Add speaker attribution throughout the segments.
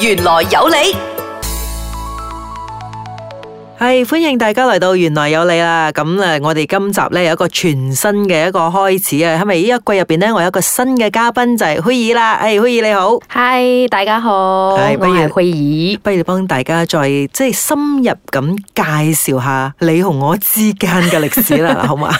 Speaker 1: 玄來有理。
Speaker 2: 係、哎、歡迎大家來到原來有你啦，咁我哋今集咧有一個全新嘅一個開始啊，係咪？呢一季入邊咧，我有一個新嘅嘉賓就係灰兒啦。係灰兒你好，嗨，大家好，不如灰兒，不如幫大家再即係深入咁介紹下你同我之間嘅歷史啦，好嘛？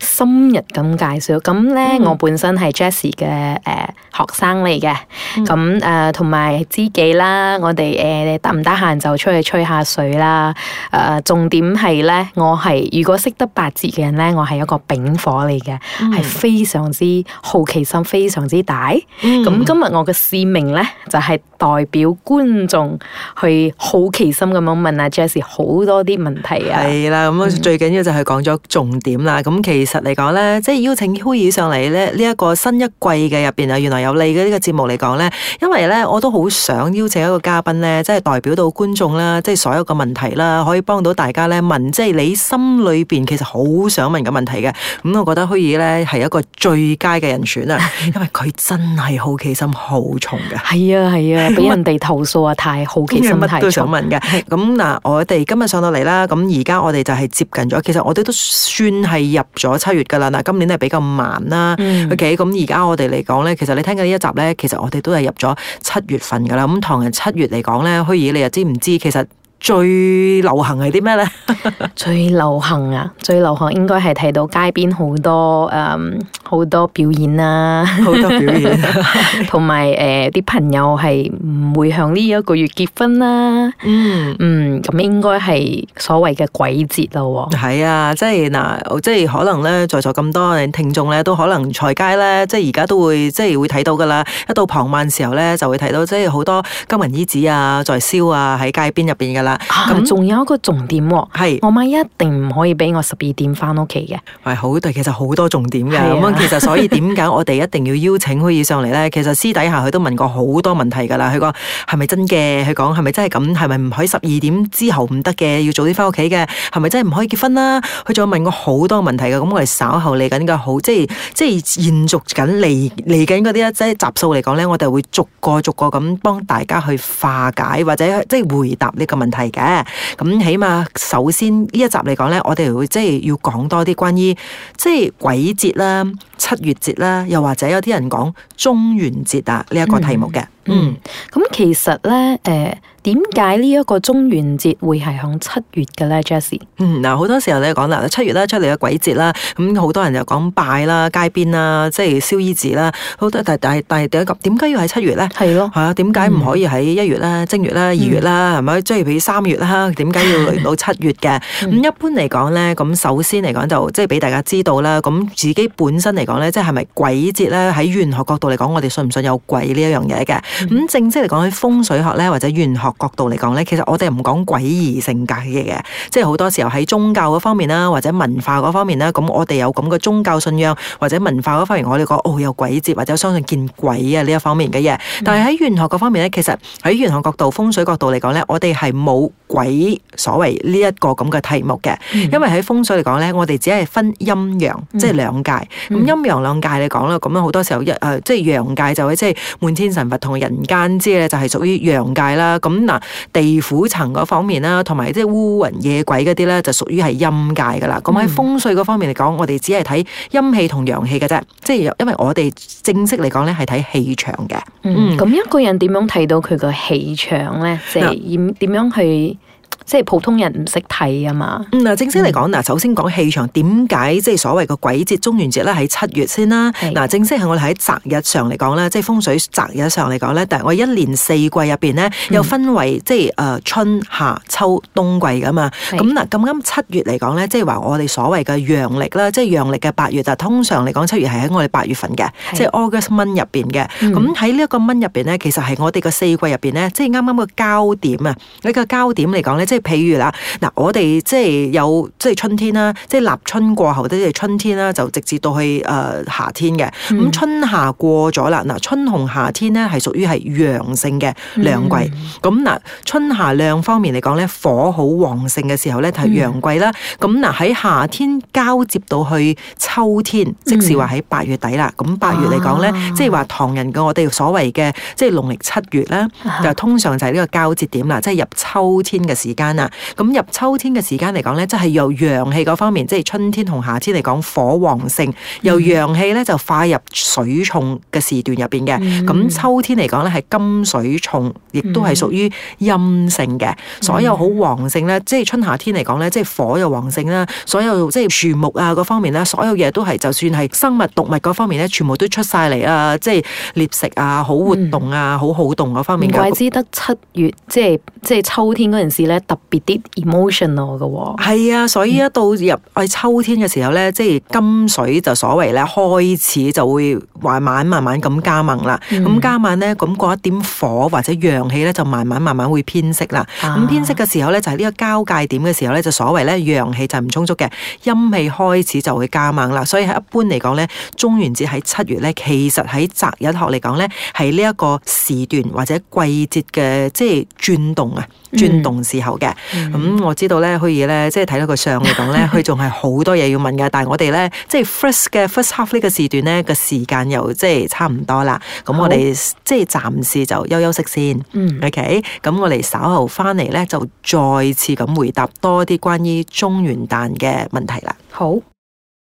Speaker 1: 深入咁介紹，咁 咧、嗯、我本身係 Jessie 嘅誒、呃、學生嚟嘅，咁誒同埋知己啦，我哋誒得唔得閒就出去吹下水啦。呃誒重點係咧，我係如果識得八字嘅人咧，我係一個丙火嚟嘅，係、嗯、非常之好奇心非常之大。咁、嗯、今日我嘅使命咧，就係、是、代表觀眾去好奇心咁樣問阿、啊、Jesse 好多啲問
Speaker 2: 題啊！係啦，咁最緊要就係講咗重點啦。咁、嗯、其實嚟講咧，即係邀請 Hui 上嚟咧，呢、這、一個新一季嘅入邊啊，原來有理嘅呢個節目嚟講咧，因為咧我都好想邀請一個嘉賓咧，即係代表到觀眾啦，即係所有嘅問題啦，可以幫幫到大家咧問，即係你心裏邊其實好想問嘅問題嘅，咁我覺得虛爾咧係一個最佳嘅人選啊，因為佢真係好奇心好重嘅。係啊係啊，俾人哋投訴啊，訴 太好奇心太重。乜都想問嘅。咁嗱，我哋今日上到嚟啦，咁而家我哋就係接近咗，其實我哋都算係入咗七月噶啦。嗱，今年係比較慢啦、嗯。OK，咁而家我哋嚟講咧，其實你聽緊呢一集咧，其實我哋都係入咗七月份噶啦。咁唐人七月嚟講咧，虛爾你又知唔知，其實。最流行係啲咩咧？
Speaker 1: 最流行啊！最流行應該係睇到街邊好多誒，好、嗯、多表演啦，好多表演、啊， 同埋誒啲朋友係唔
Speaker 2: 會向呢一個月結婚啦、啊嗯。嗯嗯，咁應該係所謂嘅鬼節咯、啊嗯。係、嗯、啊，啊，即係嗱，即係可能咧，在座咁多人聽眾咧，都可能在街咧，即係而家都會即係會睇到噶啦。一到傍晚的時候咧，就會睇到即係好多金銀衣紙啊，在燒啊，喺街邊入邊噶啦。咁、嗯、仲有一個重點喎，我媽一定唔可以俾我十二點翻屋企嘅。係好，對，其實好多重點嘅。咁、啊、其實所以點解我哋一定要邀請可以上嚟咧？ 其實私底下佢都問過好多問題㗎啦。佢講係咪真嘅？佢講係咪真係咁？係咪唔可以十二點之後唔得嘅？要早啲翻屋企嘅？係咪真係唔可以結婚啦？佢仲有問過好多問題㗎。咁我哋稍後嚟緊嘅好，即係即係延續緊嚟嚟緊嗰啲一即係集數嚟講咧，我哋會逐個逐個咁幫大家去化解或者即係回答呢個問題。係嘅，咁起碼首先呢一集嚟講咧，我哋會即係要講多啲關於即係鬼節啦、七月節啦，又或者有啲人講中元節啊呢一個題目嘅。嗯、
Speaker 1: 咁、嗯、其實咧，誒、呃。點解呢一個中元節會係響七月嘅咧，Jesse？
Speaker 2: 嗱，嗯，好多時候咧講啦，七月啦出嚟嘅鬼節啦，咁好多人就講拜啦、街邊啦，即係燒衣紙啦，好多，但係但係但係點解點解要喺七月咧？係咯，係啊，點解唔可以喺一月啦、正月啦、二月啦，係、嗯、咪？即係譬如三月啦，點解要嚟到七月嘅？咁、嗯、一般嚟講咧，咁首先嚟講就即係俾大家知道啦，咁自己本身嚟講咧，即係係咪鬼節咧？喺玄學角度嚟講，我哋信唔信有鬼呢一樣嘢嘅？咁正式嚟講喺風水學咧，或者玄學。角度嚟講咧，其實我哋唔講詭異性格嘅嘢，即係好多時候喺宗教嗰方面啦，或者文化嗰方面啦，咁我哋有咁嘅宗教信仰或者文化嗰方面我，我哋講哦有鬼節或者相信見鬼啊呢一方面嘅嘢。但係喺玄學嗰方面咧，其實喺玄學角度、風水角度嚟講咧，我哋係冇鬼所謂呢一個咁嘅題目嘅，因為喺風水嚟講咧，我哋只係分陰陽，嗯、即係兩界。咁、嗯、陰陽兩界嚟講啦，咁好多時候一誒、呃，即係陽界就會、即係滿天神佛同人間之咧，就係屬於陽界啦。咁嗱，地府層嗰方面啦，同埋即係烏雲野鬼嗰啲咧，就屬於係陰界噶啦。咁、嗯、喺風水嗰方面嚟講，我哋只係睇陰氣同陽氣嘅啫，即係因為我哋正式嚟講咧係睇氣場嘅。
Speaker 1: 嗯，咁、嗯、一個人點樣睇到
Speaker 2: 佢個氣場咧？即係點點樣去？嗯即係普通人唔識睇啊嘛。嗱、嗯，正式嚟講，嗱，首先講氣場點解，即係所謂嘅鬼節、中元節咧喺七月先啦。嗱，正式係我哋喺擇日上嚟講咧，即係風水擇日上嚟講咧。但係我一年四季入邊咧，又分為、嗯、即係誒、呃、春夏秋冬季噶嘛。咁嗱，咁啱七月嚟講咧，即係話我哋所謂嘅陽曆啦，即係陽曆嘅八月啊。通常嚟講，七月係喺我哋八月份嘅，即係、就是、August month 入邊嘅。咁喺呢一個 month 入邊咧，其實係我哋嘅四季入邊咧，即係啱啱嘅交點啊！呢、呢個交點嚟講咧。即係譬如啦，嗱，我哋即係有即係春天啦，即係立春過後即係春天啦，就直接到去誒夏天嘅。咁、mm. 春夏過咗啦，嗱，春紅夏天咧係屬於係陽性嘅兩季。咁嗱，春夏兩方面嚟講咧，火好旺盛嘅時候咧就係陽季啦。咁嗱喺夏天交接到去秋天，即是話喺八月底啦。咁、mm. 八月嚟講咧，ah. 即係話唐人嘅我哋所謂嘅即係農曆七月咧，ah. 就通常就係呢個交接點啦，即係入秋天嘅時間。間啦，咁入秋天嘅時間嚟講咧，即、就、係、是、由陽氣嗰方面，即、就、係、是、春天同夏天嚟講火旺盛，嗯、由陽氣咧就快入水重嘅時段入邊嘅。咁、嗯、秋天嚟講咧係金水重，亦都係屬於陰性嘅、嗯。所有好旺盛咧，即、就、係、是、春夏天嚟講咧，即、就、係、是、火又旺盛啦。所有即係樹木啊，嗰方面咧，所有嘢都係，就算係生物動物嗰方面咧，全部都出晒嚟啊！即係獵食啊，好活動啊，嗯、好好動嗰方面。唔怪之
Speaker 1: 得七月，即係即係秋天嗰陣時咧。特別啲 emotional 嘅喎，
Speaker 2: 係啊，所以一到入喺秋天嘅時候咧，即、嗯、係金水就所謂咧開始就會慢慢慢慢咁加猛啦。咁、嗯、加猛咧，咁過一點火或者陽氣咧，就慢慢慢慢會偏色啦。咁偏色嘅時候咧，就係、是、呢個交界點嘅時候咧，就所謂咧陽氣就唔充足嘅，陰氣開始就會加猛啦。所以喺一般嚟講咧，中元節喺七月咧，其實喺擇日學嚟講咧，係呢一個時段或者季節嘅即係轉動啊、嗯，轉動時候。咁、嗯嗯、我知道咧，可以咧，即係睇到個相嚟講咧，佢仲係好多嘢要問㗎。 但係我哋咧，即係 first 嘅 first half 呢個時段咧，個時間又即係差唔多啦。咁我哋即係暫時就休休息先，OK。咁我哋稍後翻嚟咧，就再次咁回答多啲關於中元誕嘅問題啦。好。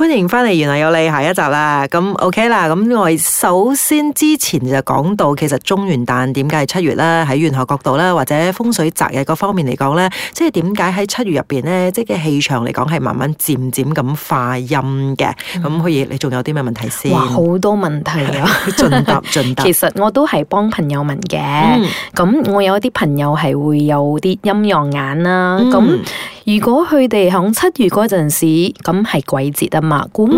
Speaker 2: 歡迎翻嚟《玄來有理》下一集啦，咁 OK 啦，咁我首先之前就講到，其實中元旦點解係七月咧？喺玄學角度咧，或者風水擇日嗰方面嚟講咧，即係點解喺七月入邊咧，即係氣場嚟講係慢慢漸漸咁化陰嘅。咁可以，你仲有啲咩問題先？哇，好
Speaker 1: 多問題啊！盡答盡答。 其實我都係幫朋友問嘅，咁、嗯、我有啲朋友係會有啲陰陽眼啦。咁、嗯、如果佢哋響七月嗰陣時，咁、嗯、係鬼節啊。嘛、嗯，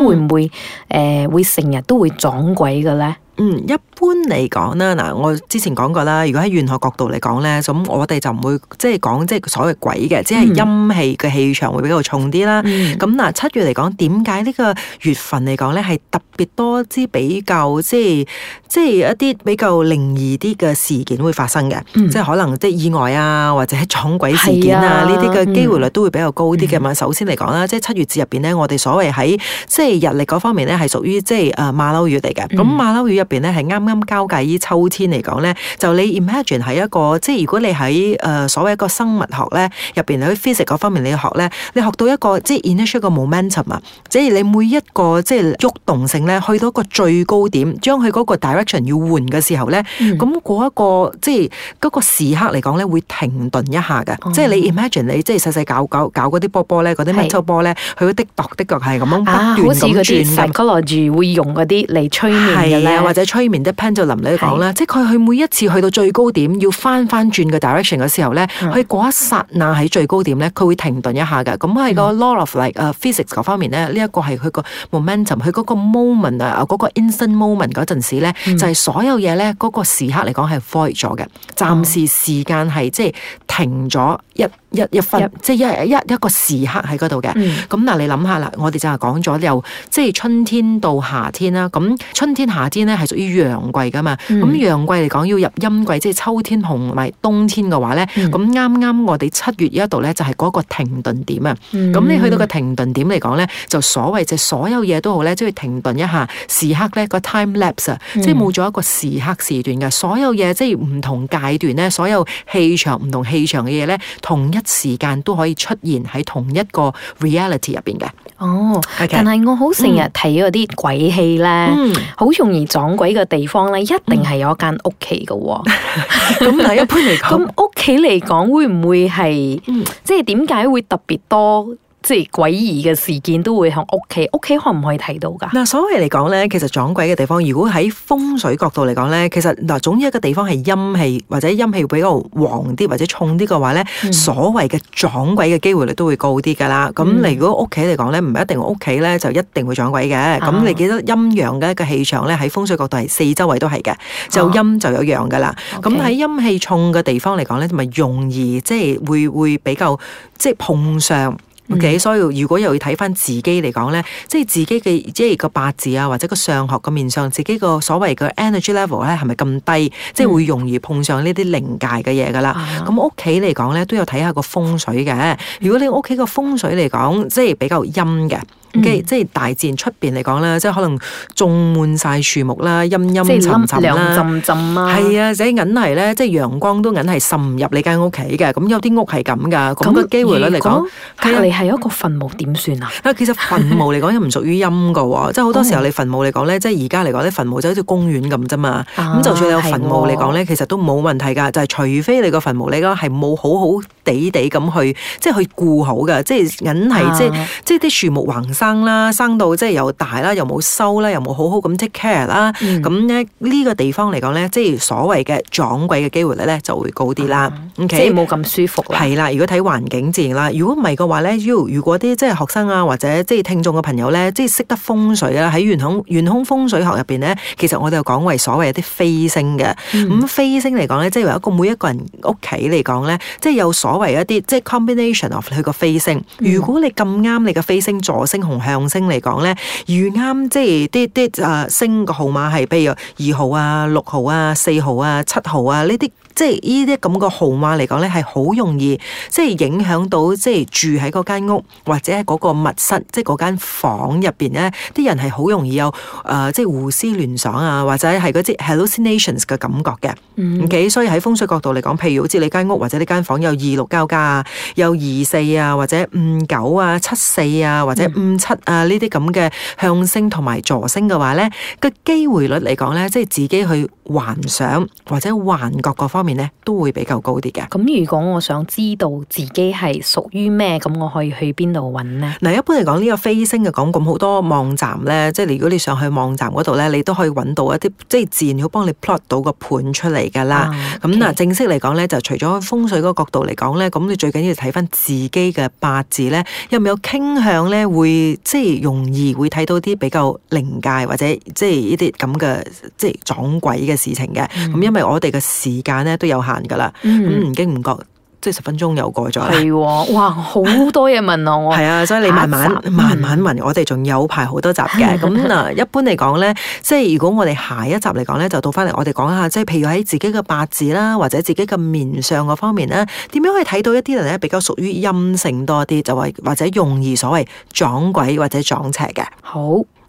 Speaker 1: 會唔會誒、呃，會成日都會撞鬼嘅呢？
Speaker 2: 嗯，一般嚟講啦，嗱，我之前講過啦，如果喺玄學角度嚟講咧，咁我哋就唔會即係講即係所謂鬼嘅，即係陰氣嘅氣場會比較重啲啦。咁嗱，七月嚟講，點解呢個月份嚟講咧係特別多啲比較即係即係一啲比較靈異啲嘅事件會發生嘅？Mm-hmm. 即係可能即係意外啊，或者係撞鬼事件啊呢啲嘅機會率都會比較高啲嘅嘛。Mm-hmm. 首先嚟講啦，即係七月節入邊咧，我哋所謂喺即係日曆嗰方面咧係屬於即係誒馬騮月嚟嘅。咁馬騮月。入邊咧係啱啱交界於秋天嚟講咧，就你 imagine 係一個即係如果你喺誒、呃、所謂一個生物學咧入邊喺 physics 嗰方面你學咧，你學到一個即係 initial 個 momentum 啊，即係你每一個即係喐動，動性咧去到一個最高點，將佢嗰個 direction 要換嘅時候咧，咁嗰一個即係嗰、嗰個時刻嚟講咧會停頓一下嘅、嗯，即係你 imagine 你即係細細搞搞搞嗰啲波波咧，嗰啲咩秋波咧，佢的確的確係咁不斷咁轉好似啲樣會用嗰啲嚟催眠嘅或者催眠的 p e n d u l u 講啦，即係佢去每一次去到最高點，要翻翻轉個 direction 嘅時候咧，佢一剎那喺最高點咧，佢會停頓一下嘅。咁係個 law of like、uh, physics 嗰方面咧，呢、這、一個係佢個 momentum，佢嗰個 moment 啊，嗰個 instant moment 嗰陣時咧，就係、是、所有嘢咧嗰個時刻嚟講係 f r e e 咗嘅，暫時時間係即係停咗一。一一分，即係一一一個時刻喺度嘅。咁嗱，你諗下啦，我哋就係講咗由，即係春天到夏天啦。咁春天夏天咧係屬於陽季噶嘛。咁陽季嚟講要入陰季，即係秋天同埋冬天嘅話咧，咁啱啱我哋七月一度咧就係嗰個停頓點啊。咁你去到個停頓點嚟講咧，就所謂就所有嘢都好咧，即係停頓一下時刻咧，個 time lapse 啊，即係冇咗一個時刻時段嘅所有嘢，即係唔同階段咧，所有氣場唔同氣場嘅嘢咧同一。時間都可以出現喺同一個 reality 入邊嘅。哦、oh,
Speaker 1: okay.，但係我好成日
Speaker 2: 睇嗰啲鬼戲咧，
Speaker 1: 好容易撞鬼嘅地方咧，mm. 一定係有一間屋企嘅。咁 但係一般嚟講，咁屋企嚟講會唔會係，即係點解會特別多？即係詭異嘅事件都會喺屋企，屋企可唔可以睇到噶？
Speaker 2: 嗱，所謂嚟講咧，其實撞鬼嘅地方，如果喺風水角度嚟講咧，其實嗱，總之一個地方係陰氣或者陰氣比較旺啲或者重啲嘅話咧、嗯，所謂嘅撞鬼嘅機會率都會高啲噶啦。咁、嗯、嚟，你如果屋企嚟講咧，唔一定屋企咧就一定會撞鬼嘅。咁、啊、你記得陰陽嘅一個氣場咧，喺風水角度係四周圍都係嘅，就陰就有陽噶啦。咁、啊、喺、okay. 陰氣重嘅地方嚟講咧，同埋容易即係、就是、會會比較即係、就是、碰上。OK，、嗯、所以如果又要睇翻自己嚟講咧，即係自己嘅即係個八字啊，或者個相學嘅面上，自己個所謂嘅 energy level 咧，係咪咁低，嗯、即係會容易碰上呢啲靈界嘅嘢噶啦。咁屋企嚟講咧，都有睇下個風水嘅。如果你屋企個風水嚟講，即係比較陰嘅。嗯、即係大自然出邊嚟講啦，即係可能種滿晒樹木啦，陰陰沉沉啦，兩陣陣啦，係啊，寫銀係咧，即係陽光都銀係滲入你間、嗯、屋企嘅，咁有啲屋係咁噶。咁嘅機會率嚟講，隔離係一個墳墓點算啊？其實墳墓嚟講又唔屬於陰噶喎，即係好多時候你墳墓嚟講咧，即係而家嚟講啲墳墓就好似公園咁啫嘛。咁、啊、就算有墳墓嚟講咧，其實都冇問題㗎，就係除非你個墳墓你家係冇好好地地咁去，即係去顧好嘅、啊，即係銀係即係即係啲樹木橫。生啦，生到即係又大啦，又冇收啦，又冇好好咁 take care 啦，咁咧呢個地方嚟講咧，即係所謂嘅撞鬼嘅機會率咧就會高啲啦。Uh -huh. okay? 即係冇咁舒服。係啦，如果睇環境自然啦。如果唔係嘅話咧，如果啲即係學生啊，或者即係聽眾嘅朋友咧，即係識得風水啦，喺玄空玄空風水學入邊咧，其實我哋又講為所謂一啲飛星嘅。咁、mm. 飛星嚟講咧，即係一個每一個人屋企嚟講咧，即係有所謂一啲即係 combination of 佢個飛星。Mm. 如果你咁啱你嘅飛星坐星。同向星嚟講咧，如啱即係啲啲誒星個號碼係譬如二號啊、六號啊、四號啊、七號啊呢啲，即係呢啲咁個號碼嚟講咧，係好容易即係影響到即係住喺嗰間屋或者係嗰個密室，即係嗰間房入邊咧，啲人係好容易有誒即係胡思亂想啊，或者係嗰啲 hallucinations 嘅感覺嘅。嗯，OK，所以喺風水角度嚟講，譬如好似你間屋或者呢間房有二六交加啊，有二四啊，或者五九啊、七四啊，或者五。七啊，呢啲咁嘅向星同埋助星嘅話呢、呢個機會率嚟講呢，即係自己去幻想或者幻覺各方面呢都會比較高啲嘅。咁如果我想知道自己係屬於咩，咁我可以去邊
Speaker 1: 度搵呢？
Speaker 2: 嗱，一般嚟講呢個飛星嘅講，咁好多網站呢，即係如果你上去網站嗰度呢，你都可以搵到一啲，即係自然要幫你 plot 到個盤出嚟噶啦。咁嗱，正式嚟講呢，就除咗風水嗰個角度嚟講呢，咁你最緊要睇翻自己嘅八字呢，有冇有傾向呢？會。即係容易會睇到啲比較靈界或者即係呢啲咁嘅即係撞鬼嘅事情嘅，咁、mm -hmm. 因為我哋嘅時間咧都有限㗎啦，咁、mm、唔 -hmm. 唔經唔覺。即係十分鐘又過咗。係喎，哇，
Speaker 1: 好多嘢問啊！我
Speaker 2: 係啊，所以你慢慢慢慢問，嗯、我哋仲有排好多集嘅。咁嗱，一般嚟講咧，即係如果我哋下一集嚟講咧，就到翻嚟我哋講下，即係譬如喺自己嘅八字啦，或者自己嘅面相方面咧，點樣可以睇到一啲人咧比較屬於陰性多啲，就或或者容易所謂撞鬼或者撞邪嘅。好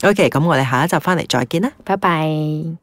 Speaker 2: ，OK，咁我哋下一集翻嚟再見啦，拜拜。